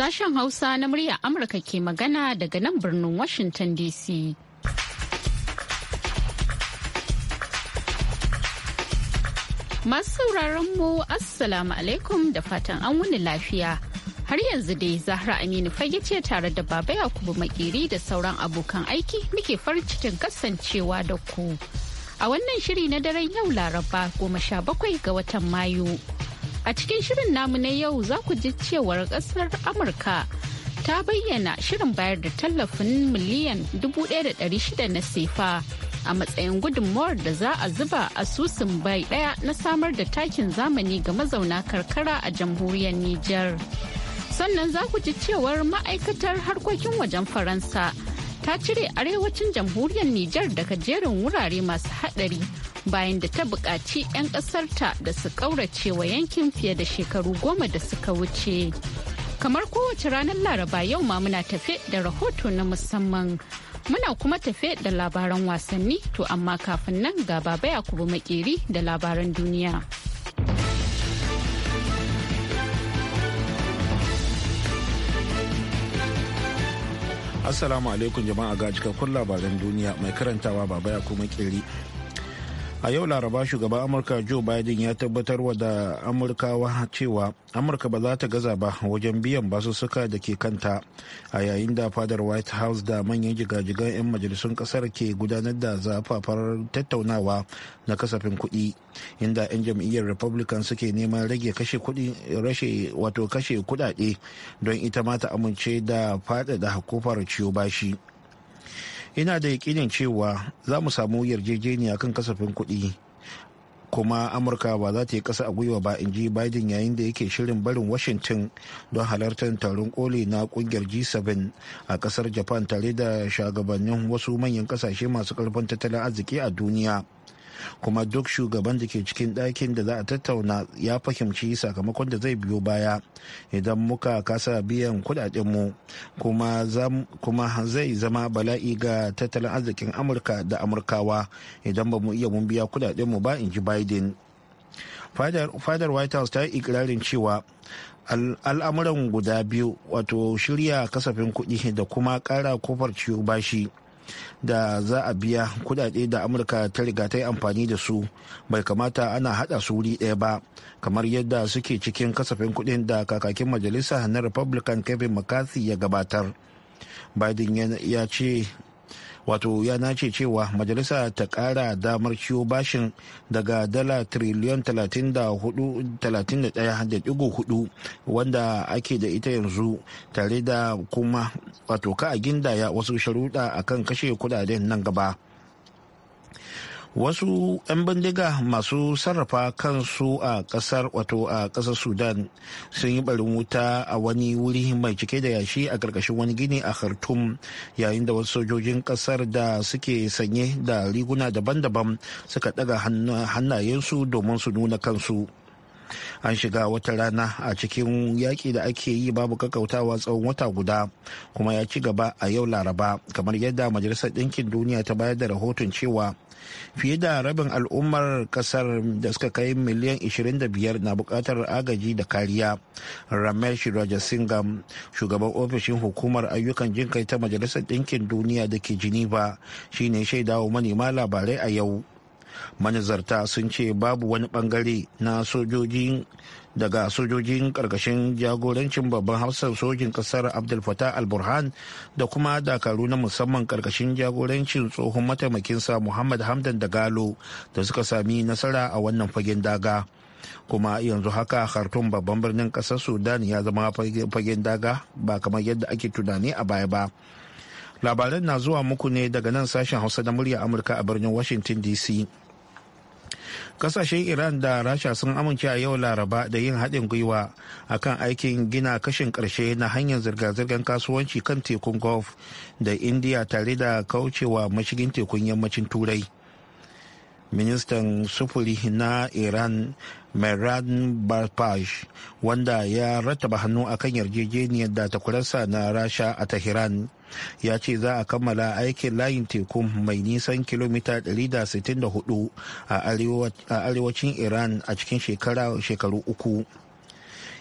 Sashen Hausa na murya Amurka ke magana daga nan birnin Washington DC. Masu sauraron mu Assalamu alaikum da fatan an wuni lafiya. Har yanzu dai Zahra Aminu fage ce tare da Baba Yakubu Makiri da sauran abokan aiki muke farin cikin kasancewa da ku. A wannan shiri na daren yau Laraba goma sha bakwai ga watan Mayu. A cikin shirin namu na yau za ku ji cewar ƙasar Amurka ta bayyana shirin bayar da tallafin miliyan 1,600 na sefa a matsayin gudunmawar da za a zuba asusun bai ɗaya na samar da takin zamani ga mazauna karkara a jamhuriyar Nijar. Sannan za ku ji cewar ma'aikatar harkokin wajen Faransa. ta cire arewacin jamhuriyar Nijar daga jerin wurare masu haɗari bayan da ta buƙaci 'yan ƙasarta da su ƙauracewa yankin fiye da shekaru goma da suka wuce. Kamar kowace ranar Laraba yau ma muna tafe da rahoto na musamman. Muna kuma tafe da labaran wasanni to amma kafin nan ga babaya Yakubu Makeri da labaran duniya. Assalamu alaikum jama'a ga cikakkun labaran duniya mai karantawa baba ya kuma kiri. a yau laraba shugaban amurka joe biden ya tabbatar wa da amurkawa cewa amurka ba za ta gaza ba wajen biyan basussuka da ke kanta a yayin da fadar white house da manyan jigajigan 'yan majalisun kasar ke gudanar da zafafar tattaunawa na kasafin kudi inda 'yan jam'iyyar republican suke neman rage kashe kudi rashe wato kashe kudade don ita ma ta amince da faɗaɗa kofar ciyo bashi ina da yakinin cewa za mu samu yarjejeniya kan kasafin kuɗi kuma amurka ba za ta yi ƙasa a gwiwa ba in ji biden yayin da yake shirin barin washington don halartar taron koli na kungiyar g7 a ƙasar japan tare da shagabannin wasu manyan ƙasashe masu ƙarfin tattalin arziki a duniya kuma duk shugaban da ke cikin ɗakin da za a tattauna ya fahimci sakamakon da zai biyo baya idan muka kasa biyan kudadenmu kuma zai zama bala'i ga tattalin arzikin amurka da amurkawa idan ba mu iya mun biya kudadenmu ba in ji biden fadar white house ta yi ikirarin cewa al'amuran guda biyu wato shirya kasafin kuɗi da kuma kara kofar ciwo bashi da za a biya kudade da amurka ta riga ta yi amfani da su bai kamata ana hada su wuri ɗaya ba kamar yadda suke cikin kasafin kudin da kakakin majalisa na republican kevin mccarthy ya gabatar biden ya ce wato ya nace cewa majalisa ta kara damar ciwo bashin daga dala triliyon 31.4 wanda ake da ita yanzu tare da kuma wato ka a gindaya wasu sharuɗa akan kashe kudaden nan gaba wasu 'yan bindiga masu sarrafa kansu a kasar wato a kasar sudan sun yi barin wuta a wani wuri mai cike da yashi a karkashin wani gini a khartoum yayin da wasu sojojin kasar da suke sanye da riguna daban-daban suka daga hannayensu domin su nuna kansu an shiga wata rana a cikin yaƙi da ake yi babu kakautawa tsawon wata guda kuma ya ci gaba a yau laraba kamar yadda majalisar ɗinkin duniya ta bayar da rahoton cewa fiye da rabin al'ummar kasar da suka kai miliyan 25 na buƙatar agaji da kariya ramesh rajasingam shugaban ofishin hukumar ayyukan jinkai ta majalisar ɗinkin duniya da ke geneva shine shaidawa manema labarai a yau manazarta sun ce babu wani bangare na sojoji daga sojojin karkashin jagorancin babban hausa sojin kasar abdul fatah al-burhan da kuma dakaru na musamman karkashin jagorancin tsohon mataimakinsa muhammad hamdan da galo da suka sami nasara a wannan fagen daga kuma yanzu haka khartoum babban birnin kasar sudan ya zama fagen daga ba kamar yadda ake tunani a baya ba labaran na zuwa muku ne daga nan sashen hausa na murya amurka a birnin washington dc kasashen iran da rasha sun amince a yau laraba da yin haɗin gwiwa akan aikin gina kashin ƙarshe na hanyar zirga-zirgar kasuwanci kan tekun gulf da indiya tare da kaucewa mashigin tekun yammacin turai ministan sufuri na iran meran barpash wanda ya rattaba hannu akan yarjejeniyar da takurarsa na rasha a tehran ya ce za a kammala aikin layin teku mai nisan kilomita 164 a arewacin iran a cikin shekaru uku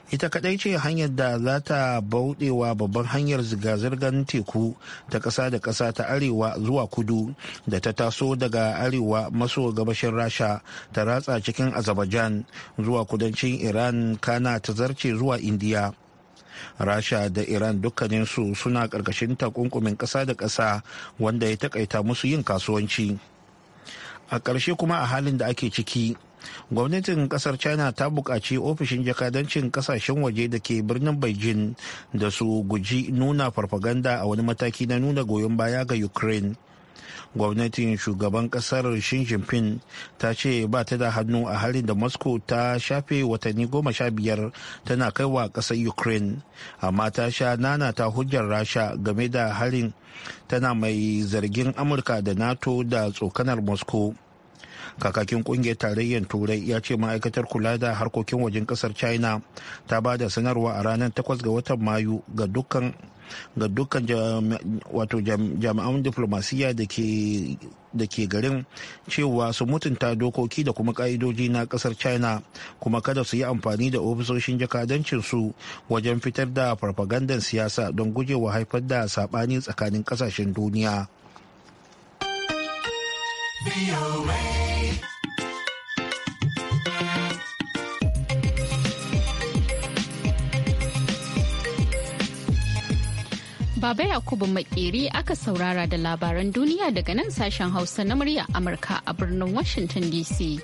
ita kadai ce hanyar da za ta bauɗewa babban hanyar zirga-zirgar teku ta ƙasa da ƙasa ta arewa zuwa kudu da ta taso daga arewa maso gabashin rasha ta ratsa cikin azerbaijan zuwa kudancin iran kana ta zarce zuwa indiya rasha da iran dukkaninsu suna ƙarƙashin takunkumin ƙasa da ƙasa wanda ya takaita musu yin kasuwanci a ƙarshe kuma a halin da ake ciki gwamnatin kasar china ta buƙaci ofishin jakadancin kasashen waje da ke birnin beijing da su guji nuna farfaganda a wani mataki na nuna goyon baya ga ukraine gwamnatin shugaban kasar Xi Jinping ta ce ba ta da hannu a halin da Moscow ta shafe watanni goma sha biyar tana kaiwa ƙasar Ukraine, amma ta sha nana ta hujjar Rasha game da halin tana mai zargin Amurka da NATO da tsokanar Moscow. kakakin kungiyar tarayyar turai ya ce ma'aikatar kula da harkokin wajen kasar china ta ba da sanarwa a ranar 8 ga watan mayu ga dukkan ga dukkan jami'an diflomasiyya da ke garin cewa su mutunta dokoki da kuma ka'idoji na kasar china kuma kada su yi amfani da ofisoshin jakadancinsu wajen fitar da farfagandan siyasa don gujewa haifar da saɓani tsakanin kasashen duniya. Baba Yakubu Makeri aka saurara da labaran duniya daga nan sashen Hausa na murya Amurka a birnin Washington DC.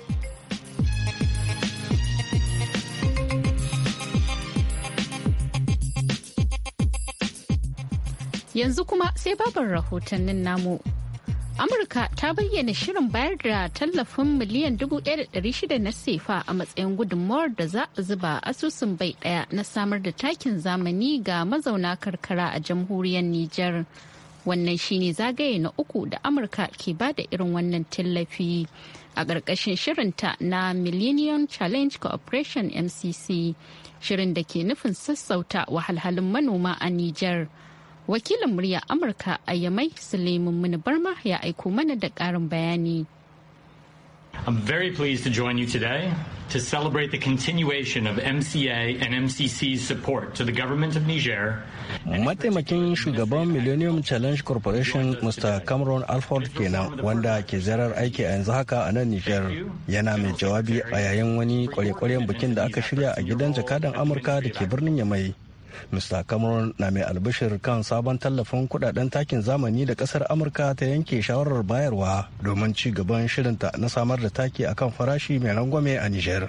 Yanzu kuma sai babar rahotannin namu Amurka ta bayyana shirin bayar da tallafin miliyan 1,600 na sefa a matsayin gudunmawar da za a zuba asusun bai daya na samar da takin zamani ga mazauna karkara a jamhuriyar Nijar. Wannan shine zagaye na uku da Amurka ke ba da irin wannan tallafi a ƙarƙashin shirinta na Millennium Challenge Cooperation MCC, shirin da ke nufin sassauta wahalhalun manoma a Nijar. wakilin murya amurka a yamai suleiman mini barma ya aiko mana da karin bayani I'm very pleased to join you today to celebrate the continuation of MCA and MCC's support to the government of Niger. Mataimakin shugaban Millennium Challenge Corporation Mr. Cameron Alford kenan wanda ke ziyarar aiki a yanzu haka a nan Niger yana mai jawabi a yayin wani kwarekwaren bikin da aka shirya a gidan jakadan Amurka da ke birnin Yamai. mr cameron na mai albishir kan sabon tallafin kudaden takin zamani da kasar amurka ta yanke shawarar bayarwa domin ci gaban shirinta na samar da taki akan farashi mai rangwame a niger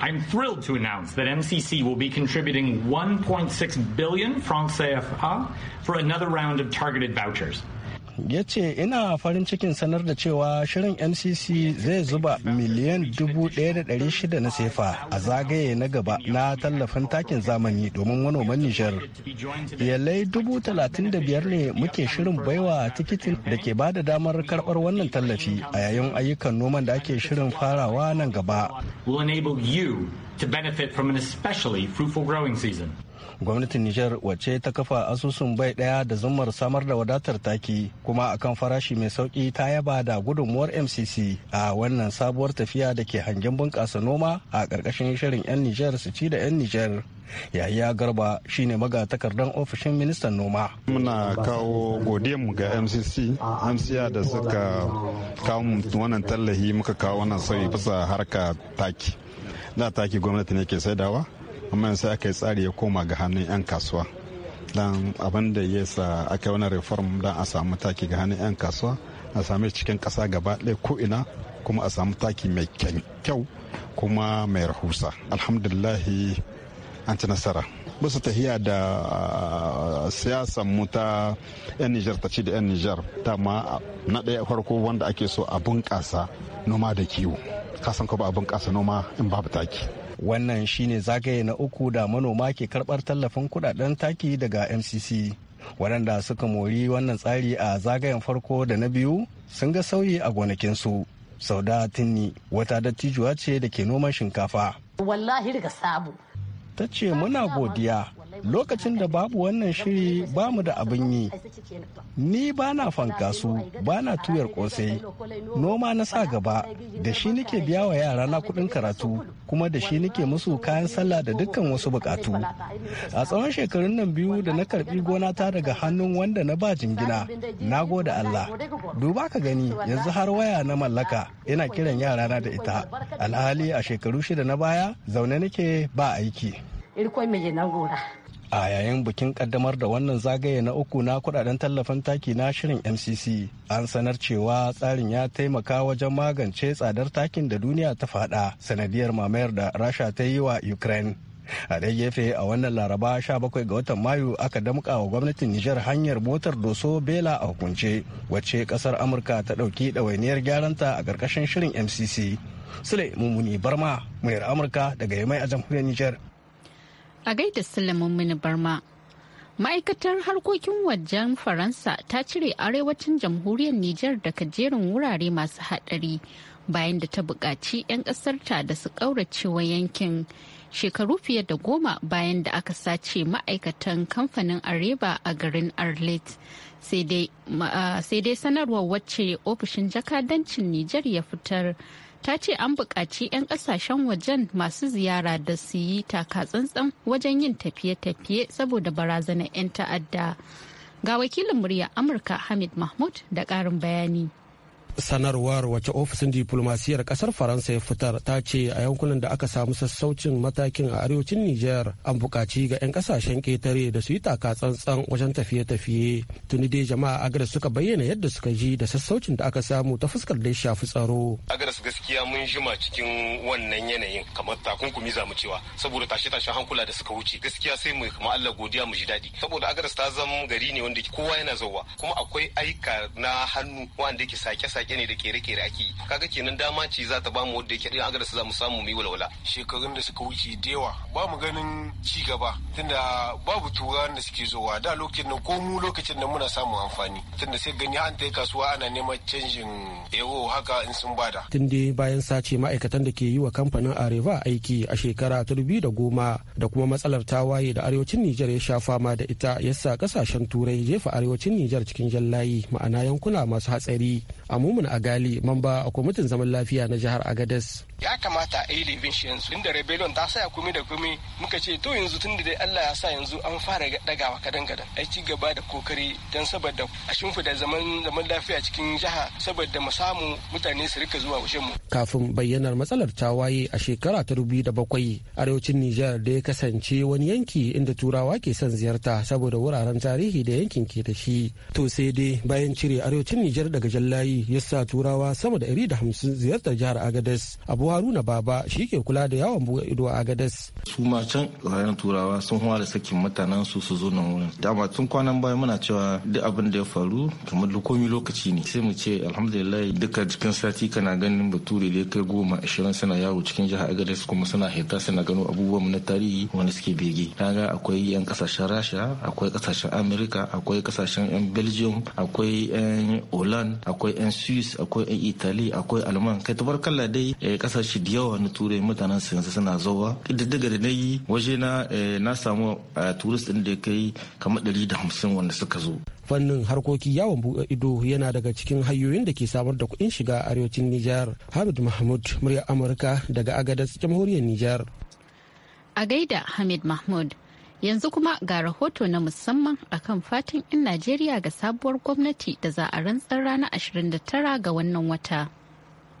i'm thrilled to announce that mcc will be contributing 1.6 billion francs cfa for another round of targeted vouchers ya ce ina farin cikin sanar da cewa shirin mcc zai zuba miliyan 1,600 na sefa a zagaye na gaba na tallafin takin zamani domin manoman nijar iyalai 35,000 ne muke shirin baiwa tikitin da ke bada damar karbar wannan tallafi a yayin ayyukan noman da ake shirin farawa nan gaba will enable you to benefit from an especially fruitful growing season gwamnatin nijar wacce ta kafa asusun bai daya da zumar samar da wadatar taki kuma akan farashi mai sauki ta yaba da gudunmuwar mcc a wannan sabuwar tafiya da ke hangen bunƙasa noma a ƙarƙashin shirin 'yan nijar su ci da 'yan nijar yayiya garba shine magatakardan ofishin ministan noma muna kawo mu ga mcc amsiya da suka kawo wannan tallahi muka kawo wannan sauyi bisa harka taki da taki gwamnati ne ke saidawa amma sai aka yi tsari ya koma ga hannun 'yan kasuwa dan abin da ya sa aka yi wani reform dan a samu taki ga hannun 'yan kasuwa a same cikin kasa gaba ɗaya ina kuma a samu taki mai kyau kuma mai rahusa alhamdulillahi an ci nasara bisa tahiya da ah, siyasan mu ta 'yan nijar ta ci da 'yan nijar ta ma na ɗaya farko wanda ake so a bunƙasa noma da kiwo kasan ko ba a bunƙasa noma in babu taki wannan shine zagaye na uku da manoma ke karbar tallafin kudaden taki daga mcc waɗanda suka mori wannan tsari a zagayen farko da na biyu sun ga sauyi a gonakinsu sau da tinni wata dattijuwa ce da ke noman shinkafa wallahi daga sabu ta ce muna godiya lokacin da babu wannan shiri ba mu da abin yi ni ba na fankasu ba na tuyar kosai noma na sa gaba da shi nake biya wa yara na kudin karatu kuma da shi nake musu kayan sallah da dukkan wasu bukatu a tsawon shekarun nan biyu da na karbi gona ta daga hannun wanda na ba jingina na gode allah duba ka gani yanzu har waya na mallaka ina kiran yara na da ita alhali a shekaru shida na baya zaune nake ba aiki a yayin bikin kaddamar da wannan zagaye na uku na kudaden tallafin taki na shirin mcc an sanar cewa tsarin ya taimaka wajen magance tsadar takin da duniya ta fada sanadiyar mamayar da rasha ta yi wa ukraine a dai gefe a wannan laraba 17 ga watan mayu aka damka wa gwamnatin nijar hanyar motar doso bela a hukunce wacce kasar amurka ta ɗauki ɗawainiyar gyaranta a karkashin shirin mcc sule mummuni barma muryar amurka daga yamai a jamhuriyar nijar A gaida Sulaiman Mini Barma. Ma'aikatar harkokin wajen Faransa ta cire arewacin jamhuriyar Nijar daga jerin wurare masu haɗari bayan da ta buƙaci 'yan ƙasarta da su ƙauracewa yankin shekaru fiye da goma bayan da aka sace ma'aikatan kamfanin Areba a garin Arlet sai dai sanarwar wacce ofishin jakadancin nijar ya fitar ta ce an buƙaci 'yan ƙasashen wajen masu ziyara da su yi taka tsantsan wajen yin tafiye-tafiye saboda barazanar 'yan ta'adda ga wakilin murya amurka hamid mahmud da ƙarin bayani sanarwar wace ofishin diplomasiyar kasar faransa ya fitar ta ce a yankunan da aka samu sassaucin matakin a arewacin niger an buƙaci ga 'yan kasashen ketare da su yi taka tsantsan wajen tafiye-tafiye tuni dai jama'a agadas suka bayyana yadda suka ji da sassaucin da aka samu ta fuskar da ya shafi tsaro agadas gaskiya mun jima cikin wannan yanayin kamar takunkumi za mu cewa saboda tashe-tashen hankula da suka wuce gaskiya sai mu kuma allah godiya mu ji daɗi saboda agadas ta zama gari ne wanda kowa yana zauwa kuma akwai aika na hannu wanda yake sake-sake yaƙe ne da kere-kere ake yi kaga kenan dama ce za ta bamu wanda yake ɗin agarsa za mu samu mu yi walwala shekarun da suka wuce da yawa ba mu ganin ci gaba tunda babu turawan da suke zowa da lokacin nan ko mu lokacin da muna samun amfani tunda sai gani an ta yi kasuwa ana neman canjin ero haka in sun bada tun dai bayan sace ma'aikatan da ke yi wa kamfanin areva aiki a shekara ta dubu da goma da kuma matsalar ta waye da arewacin nijar ya sha fama da ita yasa kasashen turai jefa arewacin nijar cikin jallayi ma'ana yankuna masu hatsari amumin agali mamba a kwamitin zaman lafiya na jihar agadas ya kamata a yi laifin shi yanzu inda rebellion ta saya kumi da kumi muka ce to yanzu tun da dai allah ya sa yanzu an fara dagawa kadan kadan a ci gaba da kokari don saboda a shimfida zaman zaman lafiya cikin jiha saboda mu samu mutane su rika zuwa wajen mu kafin bayyanar matsalar ta waye a shekara ta da bakwai arewacin nijar da ya kasance wani yanki inda turawa ke son ziyarta saboda wuraren tarihi da yankin ke da shi to sai dai bayan cire arewacin nijar daga jallayi ya sa turawa sama da 150 ziyartar jihar agades abu haruna baba shi ke kula da yawon buga ido a agades su ma can rayuwar turawa sun da sakin mutanen su su zo nan wurin dama tun kwanan baya muna cewa duk abin da ya faru kamar komi lokaci ne sai mu ce alhamdulillah duka cikin sati kana ganin bature da ya kai goma ashirin suna yawo cikin jihar agades kuma suna hita suna gano abubuwan na tarihi wani suke bege kaga akwai yan kasashen rasha akwai kasashen amerika akwai kasashen yan belgium akwai yan holland akwai 'yan swiss akwai 'yan italy akwai alman kai kalla dai eh, kasashe da yawa na turai mutanen su yanzu suna zowa diddiga da na yi waje na eh, na samu eh, turist din da ya kai kamar hamsin wanda suka zo fannin harkoki yawon buɗe ido yana daga cikin hanyoyin da ke samar da kuɗin shiga arewacin Nijar. Hamid Mahmud murya Amurka daga Agadas jamhuriyar Nijar. A gaida Hamid Mahmud. Yanzu kuma ga rahoto na musamman a kan fatan 'yan Najeriya ga sabuwar gwamnati da za a rantsar ranar 29 ga wannan wata.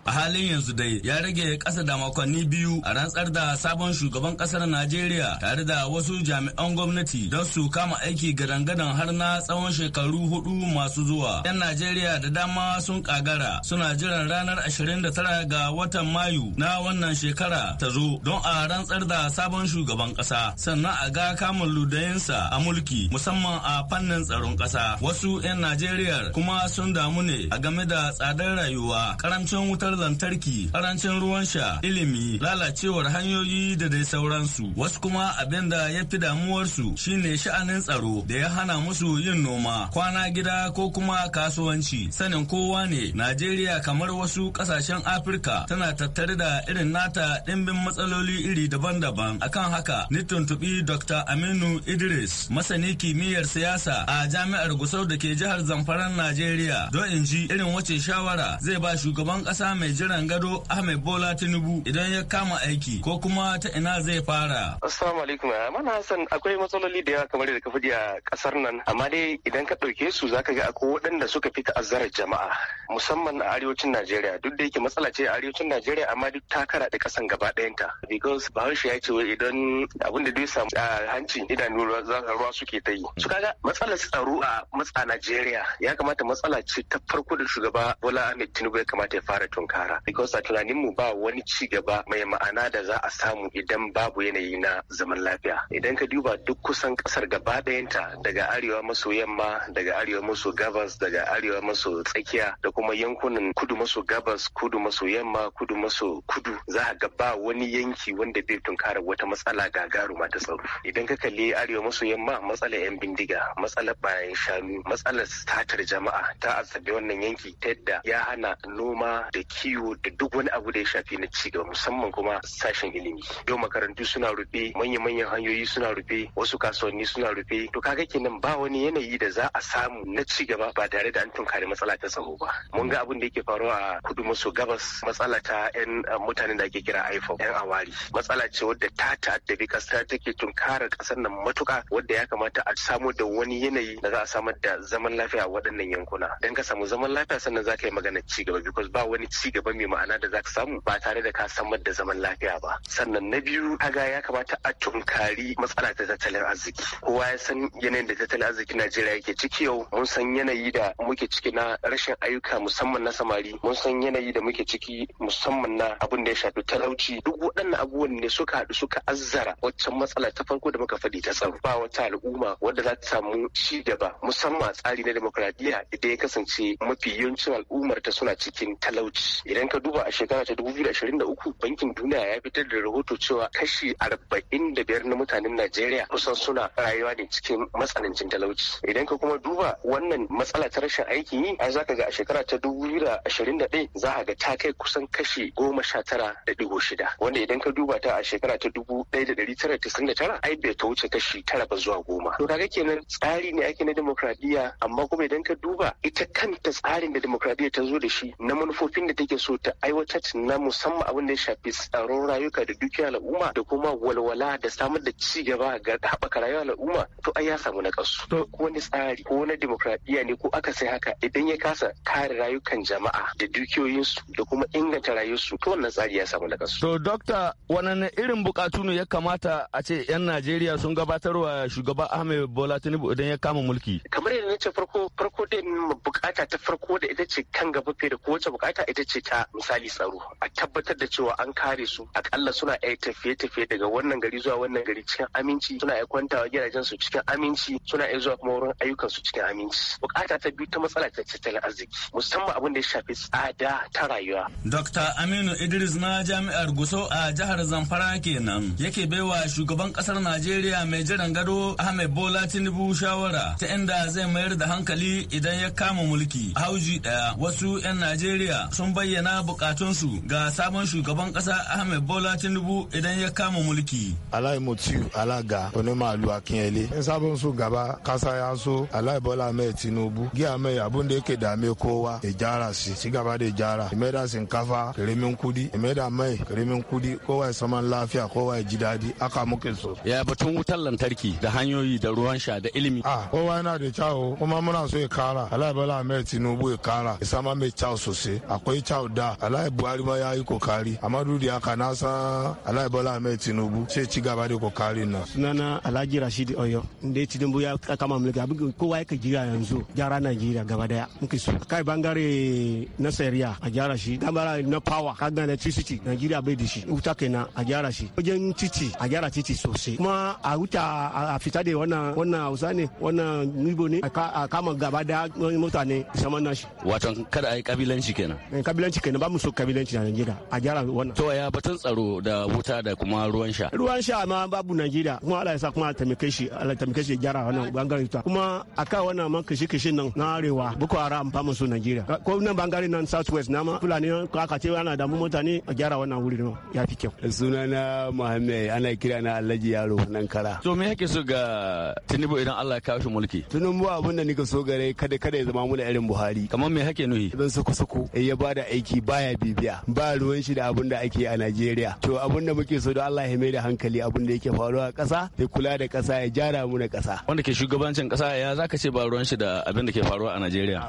a halin yanzu dai ya rage ƙasa da makonni biyu a rantsar da sabon shugaban ƙasar najeriya tare da wasu jami'an gwamnati don su kama aiki gadan-gadan har na tsawon shekaru hudu masu zuwa yan najeriya da dama sun kagara suna jiran ranar 29 ga watan mayu na wannan shekara ta zo don a rantsar da sabon shugaban ƙasa sannan a ga kamun ludayinsa a mulki musamman a fannin tsaron ƙasa wasu 'yan najeriya kuma sun damu ne a game da tsadar rayuwa karamcin wutar wutar lantarki karancin ruwan sha ilimi lalacewar hanyoyi da dai sauransu wasu kuma abin da ya fi damuwarsu shine sha'anin tsaro da ya hana musu yin noma kwana gida ko kuma kasuwanci sanin kowa ne najeriya kamar wasu kasashen afirka tana tattare da irin nata ɗimbin matsaloli iri daban-daban akan haka ni tuntubi dr aminu idris masani kimiyyar siyasa a jami'ar gusau da ke jihar zamfaran najeriya don in ji irin wace shawara zai ba shugaban ƙasa mai mai jiran gado Ahmed Bola Tinubu idan ya kama aiki ko kuma ta ina zai fara. Assalamu alaikum. Eh, Mana Hassan akwai matsaloli da yawa kamar da ka faɗi a kasar nan amma dai idan ka ɗauke su zaka ga akwai waɗanda suka fi ta'azzarar jama'a musamman a arewacin Najeriya duk da yake matsala ce a arewacin Najeriya amma duk ta kara da ƙasan gaba ɗayanta because Bahaushe ya ce idan abin da dai samu a hanci hancin idanu ruwa suke ta yi. Su kaga matsalar tsaro a matsa Najeriya ya kamata matsala ce ta farko da shugaba Bola Ahmed Tinubu ya kamata ya fara tunka. kara because a tunanin mu ba wani ci gaba mai ma'ana da za a samu idan babu yanayi na zaman lafiya idan ka duba duk kusan kasar gaba ɗayanta daga arewa maso yamma daga arewa maso gabas daga arewa maso tsakiya da kuma yankunan kudu maso gabas kudu maso yamma kudu maso kudu za a ga ba wani yanki wanda bai tunkara wata matsala gagaruma ta tsaro idan ka kalli arewa maso yamma matsalar yan bindiga matsalar bayan shanu matsalar satar jama'a ta asabe wannan yanki ta yadda ya hana noma da ki kiwo da duk wani abu da ya shafi na ci gaba musamman kuma sashen ilimi yau makarantu suna rufe manya-manyan hanyoyi suna rufe wasu kasuwanni suna rufe to kaga kenan ba wani yanayi da za a samu na ci gaba ba tare da an tunkari matsala ta tsaro ba mun ga abin da yake faruwa a kudu maso gabas matsala ta yan mutanen da ake kira iphone yan awari matsala ce wadda ta ta'addabi kasa take tunkarar kasar nan matuka wadda ya kamata a samu da wani yanayi da za a samar da zaman lafiya a waɗannan yankuna dan ka samu zaman lafiya sannan za ka yi magana ci gaba because ba wani ci ci gaba mai ma'ana da za ka samu ba tare da ka samar da zaman lafiya ba sannan na biyu kaga ya kamata a tunkari matsala ta tattalin arziki kowa ya san yanayin da tattalin arziki Najeriya yake ciki yau mun san yanayi da muke ciki na rashin ayyuka musamman na samari mun san yanayi da muke ciki musamman na abun da ya shafi talauci duk waɗannan abubuwan ne suka haɗu suka azzara waccan matsala ta farko da muka faɗi ta tsaro ba wata al'umma wadda za ta samu ci gaba musamman tsari na demokradiyya idan ya kasance mafi yawancin al'ummar ta suna cikin talauci idan ka duba a shekara ta 2023 bankin duniya ya fitar da rahoto cewa kashi 45 na mutanen najeriya kusan suna rayuwa ne cikin matsanancin talauci idan ka kuma duba wannan matsala ta rashin aikin yi a zaka ga a shekara ta 2021 za a ga ta kai kusan kashi 19.6 wanda idan ka duba ta a shekara ta 1999 ai bai ta wuce kashi 9 ba zuwa 10 to kaga kenan tsari ne ake na demokradiyya amma kuma idan ka duba ita kanta tsarin da demokradiyya ta zo da shi na manufofin da ta take so ta aiwatar na musamman abin da ya shafi tsaron rayuka da dukiyar al'umma da kuma walwala da samar da ci gaba ga haɓaka rayuwar al'umma to ai ya samu na kasu. ko wani tsari ko wani demokradiyya ne ko aka sai haka idan ya kasa kare rayukan jama'a da dukiyoyinsu da kuma inganta rayuwarsu to wannan tsari ya samu na kasu. To dokta wannan irin bukatu ne ya kamata a ce 'yan Najeriya sun gabatarwa shugaba Ahmed Bola Tinubu idan ya kama mulki. Kamar yadda ya ce farko farko dai bukata ta farko da ita ce kan gaba fiye da kowace bukata ita ce ta misali tsaro a tabbatar da cewa an kare su akalla suna iya tafiye-tafiye daga wannan gari zuwa wannan gari cikin aminci suna iya kwantawa gidajen su cikin aminci suna iya zuwa kuma wurin ayyukan su cikin aminci bukata ta biyu ta matsala ta tattalin arziki musamman abin da ya shafi tsada ta rayuwa Dr. Aminu Idris na jami'ar Gusau a jihar Zamfara kenan yake baiwa shugaban kasar Najeriya mai jiran gado Ahmed Bola Tinubu shawara ta inda zai mai mayar da hankali idan ya kama mulki hauji daya wasu 'yan najeriya sun bayyana bukatunsu ga sabon shugaban kasa ahmed bola tinubu idan ya kama mulki alai mutu alaga onema alu akinyele in sabon su gaba kasa ya so alai bola mai tinubu giya mai abun da yake dame kowa ya jara shi ci gaba da jara ya maida shinkafa kirimin kudi ya maida mai kirimin kudi kowa ya saman lafiya kowa ya ji daɗi aka muke so ya batun wutar lantarki da hanyoyi da ruwan sha da ilimi a kowa yana da kyawu kuma muna so ya kara alai bala ahmed tinubu ya kara isa ma mai kyau sosai akwai kyau da alai buhari ma ya yi kokari amma duk da haka na san alhaji bala ahmed tinubu ce ci gaba da kokari na sunana alhaji rashid oyo inda tinubu ya kama mulki abin kowa ya ka jira yanzu gyara najeriya gaba daya muke so kai bangare na sariya a gyara shi dambara na power ka gane electricity najeriya bai da shi wuta kenan a gyara shi wajen titi a gyara titi sosai kuma a wuta a fita da wannan wannan hausa ne wannan nibo ne a a kama gaba da mutane saman nashi wato kada a yi kabilanci kenan eh, kabilanci kenan ba mu so kabilanci a Najeriya a gyara wannan to ya batun tsaro da wuta da kuma ruwan sha ruwan sha ma babu Najeriya kuma Allah ya sa kuma taimake shi Allah taimake shi gyara wannan bangare ta kuma akan wannan man kishi kishi nan na arewa Boko Haram ba mu so Najeriya ko nan bangare nan South West na ma Fulani ko aka ce ana damu mutane a gyara wannan wuri ne ya fi kyau sunana Muhammad ana kira na Alhaji Yaro nan kara to me yake so ga Tinubu idan Allah ya kawo shi mulki Tinubu abun abin da nika so gare kada kada ya zama muna irin Buhari kamar me hake nuhi zan sako sako ya bada aiki baya bibiya ba ruwan shi da abin da ake a Najeriya to abin da muke so da Allah ya mai da hankali abin da yake faruwa a ƙasa ya kula da ƙasa ya jara mu na ƙasa wanda ke shugabancin ƙasa ya zaka ce ba ruwan shi da abin da ke faruwa a Najeriya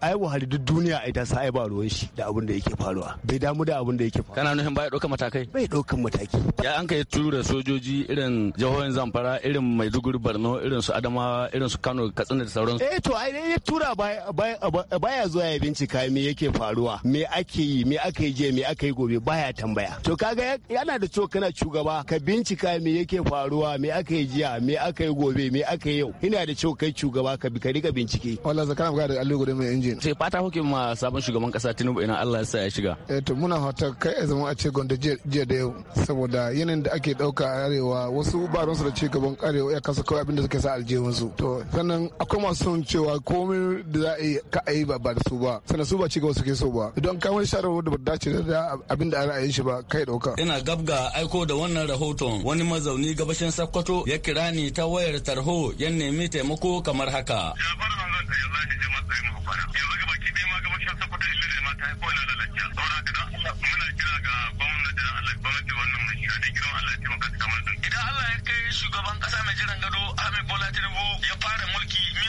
ai Buhari duk duniya ita ta sa ai ba ruwan shi da abin da yake faruwa bai damu da abin da yake faruwa kana nuhin baya ɗaukar matakai bai dokan mataki ya an kai tura sojoji irin jihohin Zamfara irin Maiduguri barno irin su Adamawa irin su Kano Katsina da sauransu. Eh to ai dai tura baya zuwa ya bincika me yake faruwa me ake yi me aka yi je me aka yi gobe baya tambaya. To kaga yana da to kana shugaba ka bincika me yake faruwa me aka yi jiya me aka yi gobe me aka yi yau ina da to kai shugaba ka bi ka riga bincike. zaka na buga da Allah gode mai injin. Sai fata kuke ma sabon shugaban kasa Tinubu ina Allah ya sa ya shiga. Eh to muna fata kai a zama a ce gonda jiya da yau saboda yanayin da ake dauka a arewa wasu ba da ci gaban arewa ya kasa kawai abin da suke sa aljihunsu. To sannan akwai masu son cewa komai da za a yi ka a yi ba da su ba sana su ba ci gaba suke so ba idan kamar shahararwa da ba dace da abin da ra'ayin shi ba kai dauka ina gabga aiko da wannan rahoton wani mazauni gabashin sakkwato ya kira ni ta wayar tarho ya nemi taimako kamar haka da Allah ya idan Allah ya kai shugaban kasa mai jiran gado Ahmed Bola Tinubu ya fara mulki me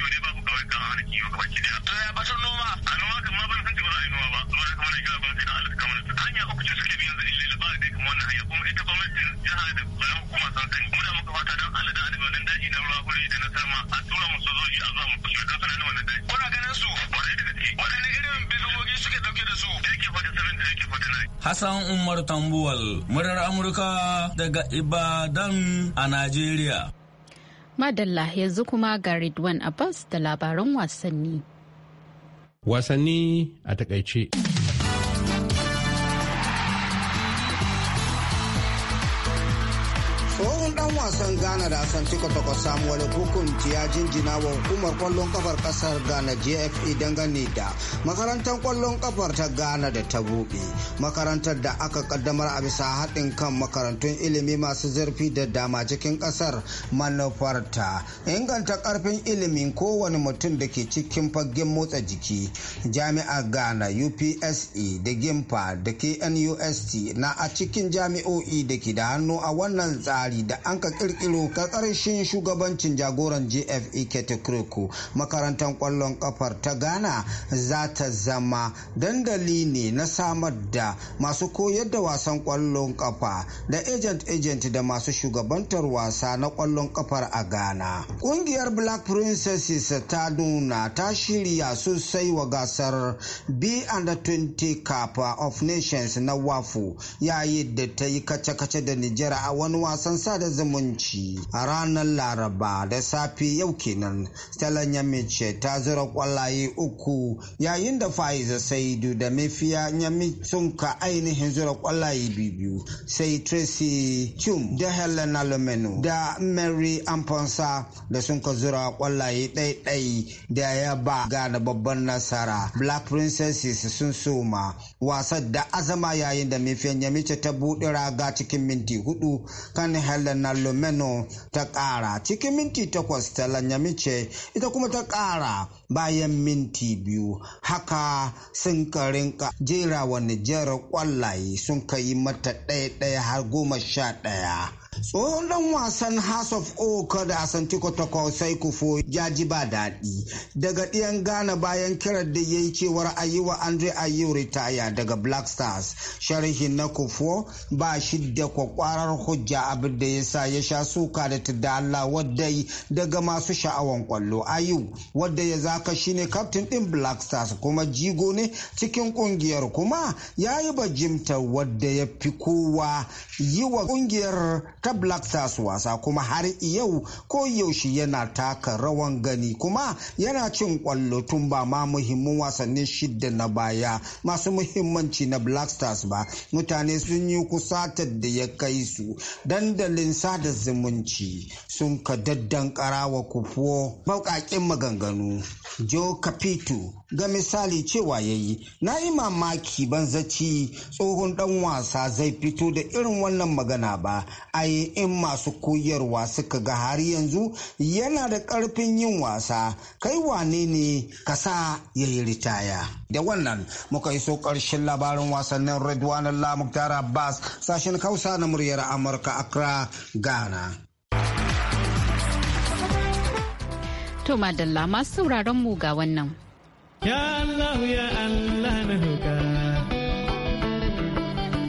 Hassan Umar Tambuwal, murar Amurka daga Ibadan a Najeriya. Madalla yanzu kuma ga Ridwan Abbas da labaran wasanni. Wasanni a takaice. ghana da asanti kwatakwa samuel hukunci ya jinjina wa hukumar kwallon kafar kasar ghana gfa e, dangane da makarantar kwallon kafar ta ghana da ta buɗe makarantar da aka kaddamar a bisa haɗin kan makarantun ilimi masu zurfi da dama cikin kasar manufarta inganta karfin ilimin kowane mutum da ke cikin fagen motsa jiki jami'a ghana upse da gimpa da knust na a cikin jami'o'i da ke da hannu a wannan tsari da an ka kirkiro biyu ƙarshen shugabancin jagoran jfa e ketekreku makarantar ƙwallon ƙafar ta ghana za ta zama dandali ne na samar da masu koyar da wasan ƙwallon ƙafa da agent agent da masu shugabantar wasa na ƙwallon ƙafar a ghana ƙungiyar black princesses ta nuna ta shirya sosai wa gasar b under 20 cup of nations na wafu yayin da ta yi kace-kace da nijar a wani wasan sada zumunci a ranar Laraba da safe yau kenan. Stella Nyamice ta zura kwallaye uku yayin da Faiza Saidu da mafiya Nyami sun ka ainihin zura kwallaye biyu sai Tracy Chum da helen alomenu da Mary Amponsa da sun ka zura kwallaye ɗaiɗai da ya ba ga da babban nasara. Black Princesses sun soma wasan da azama yayin da mifiyan yamice ta buɗe raga cikin minti hudu kan helena lomeno ta ƙara cikin minti takwas talan yamice ita kuma ta ƙara bayan minti biyu haka sun rinka jera wa nijar kwallaye sun yi mata ɗaya ɗaya har goma sha ɗaya tsohon ɗan wasan house of oak da Asantiko ta sai kufo ya ji ba daɗi daga ɗiyan ghana bayan kiran da ya yi cewar a wa andre ayew ritaya daga black stars sharhin na kufo ba shi da kwakwarar hujja abin da ya sa ya sha suka da dala wadda daga masu sha'awan kwallo ayew wadda ya zaka shi ne kaftin ɗin black stars kuma jigo ne cikin ƙungiyar kuma ya yi bajimta wadda ya fi kowa yi wa ƙungiyar ta black stars wasa kuma har yau ko yaushe yana taka rawan gani kuma yana cin kwallo tun ba ma muhimmin wasannin shidda na baya masu muhimmanci na black stars ba mutane sun yi kusatar da ya kai su dandalin sada zumunci sun ka daddan karawa kufuwa baƙaƙen maganganu joe capito ga misali cewa ya yi na yi mamaki ban zaci tsohon dan wasa zai fito da irin wannan magana ba a yi in masu koyarwa suka ga har yanzu yana da karfin yin wasa kai wane ne kasa ya yi ritaya da wannan muka iso karshen labarin wasannin redwan allah muktar sashen hausa na muryar amurka accra ghana to madalla masu sauraron mu ga wannan Ya Allah ya Allah na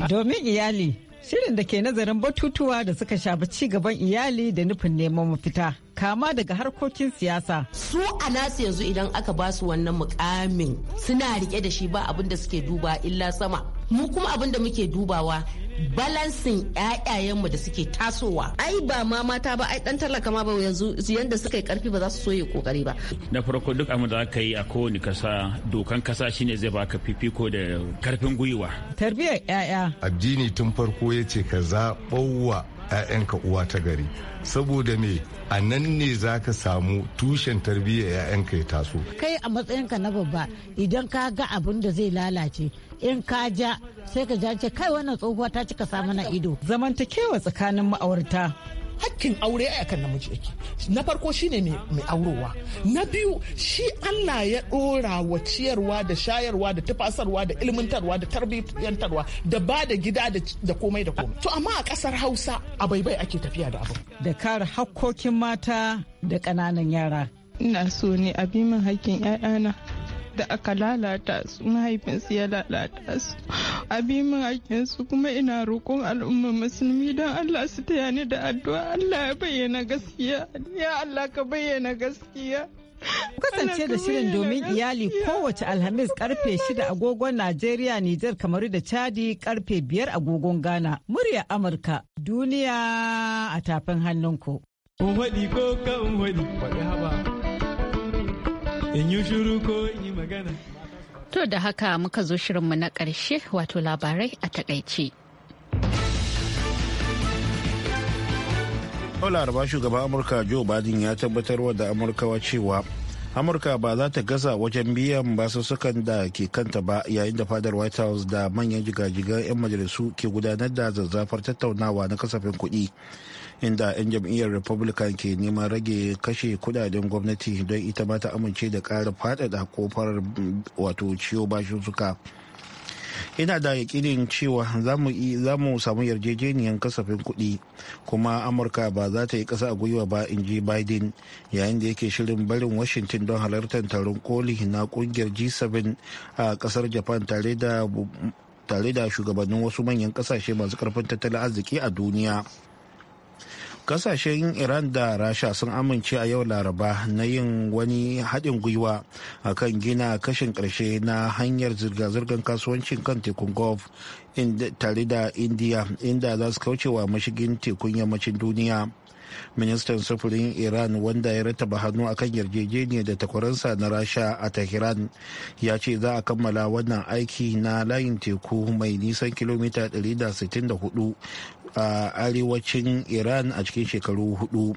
Domin iyali, shirin da ke nazarin batutuwa da suka shafi ci gaban iyali da nufin neman mafita, kama daga harkokin siyasa. Su a nasu yanzu idan aka basu wannan mukamin suna rike da shi ba abin da suke duba illa sama. mu kuma abin da muke dubawa balansin ƴaƴayenmu da suke tasowa ai ba ma mata ba ai dan talaka ma ba yanzu yanda suka yi karfi ba za su so yi kokari ba na farko duk abin da aka yi a kowane kasa dokan kasa shine zai baka fifiko da karfin gwiwa tarbiyyar ƴaƴa addini tun farko yace ka zaɓowa 'ya'yanka uwa ta gari saboda me a nan ne za ka samu tushen tarbiyyar 'ya'yanka ya taso kai a matsayinka na babba idan ka ga abin da zai lalace in ka ja sai ka ja ce kai wannan tsohuwa ta cika samu na ido zamantakewa tsakanin ma'aurata hakkin aure a akan namiji yake na farko shine mai aurowa na biyu shi Allah ya dora wa ciyarwa da shayarwa da tafasarwa da ilmantarwa da tarbiyyantarwa da ba da gida da komai da komai to amma a kasar Hausa a baibai ake tafiya da abu da kare hakkokin mata da ƙananan yara ina so ne a bi min hakkin 'ya'yana da aka lalata su mahaifinsu ya lalata su abin mahaifinsu su kuma ina roƙon al'umma musulmi don Allah su taya ni da addu'a Allah ya bayyana gaskiya ya Allah ka bayyana gaskiya kasance da shirin domin iyali kowace alhamis karfe 6 agogon najeriya nijar kamaru da chadi karfe 5 agogon ghana murya amurka duniya a tafin hannunku. ko kan in yi shuru ko in yi magana to da haka muka zo shirinmu na ƙarshe wato labarai a takaice yau laraba shugaban amurka joe biden ya tabbatar da amurkawa cewa amurka ba za ta gaza wajen biyan basussukan da ke kanta ba yayin da fadar white house da manyan jigajigan 'yan majalisu ke gudanar da zazzafar tattaunawa na kasafin kuɗi inda 'yan jam'iyyar republican ke neman rage kashe kudaden gwamnati don ita ma ta amince da ƙara faɗaɗa kofar wato ciwo bashin suka ina da yakinin cewa za mu samu yarjejeniyar kasafin kuɗi kuma amurka ba za ta yi ƙasa a gwiwa ba in ji biden yayin da yake shirin barin washington don halartar taron koli na ƙungiyar g7 a ƙasar japan tare da shugabannin wasu manyan kasashe masu karfin tattalin arziki a duniya kasashen iran da rasha sun amince a yau laraba na yin wani haɗin gwiwa akan gina kashin ƙarshe na hanyar zirga-zirgar kasuwancin kan tekun gulf tare da indiya inda za su kaucewa mashigin tekun yammacin duniya ministan sufurin iran wanda ya rattaba hannu akan yarjejeniyar da takwaransa na rasha a tehran ya ce za a kammala wannan aiki na layin teku mai nisan kilomita 164 a arewacin iran a cikin shekaru hudu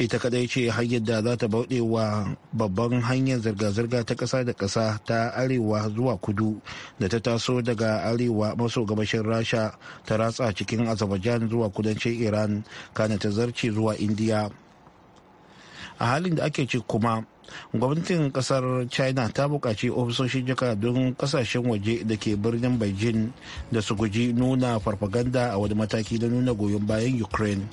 ita kadai ce hanyar da za ta bauɗe wa babban hanyar zirga-zirga ta ƙasa da ƙasa ta arewa zuwa kudu da ta taso daga arewa maso gabashin rasha ta ratsa cikin azerbaijan zuwa kudancin iran kana ta zarce zuwa indiya a halin da ake ci kuma gwamnatin kasar china ta buƙaci ofisoshin jakadun kasashen waje da ke birnin beijing da su guji nuna farfaganda a wani mataki na nuna goyon bayan ukraine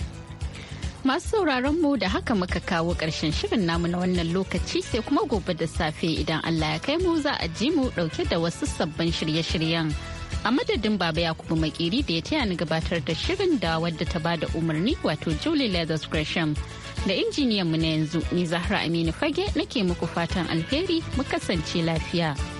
Masu sauraron mu da haka muka kawo ƙarshen shirin namu na wannan lokaci sai kuma gobe da safe idan Allah ya kai mu za a ji mu ɗauke da wasu sabbin shirye-shiryen. A madadin Baba Yakubu Makiri da ya taya ni gabatar da shirin da wadda ta bada umarni wato Julie Leathers Gresham. Da injiniyan mu na yanzu ni Zahra Aminu Fage nake muku fatan alheri mu kasance lafiya.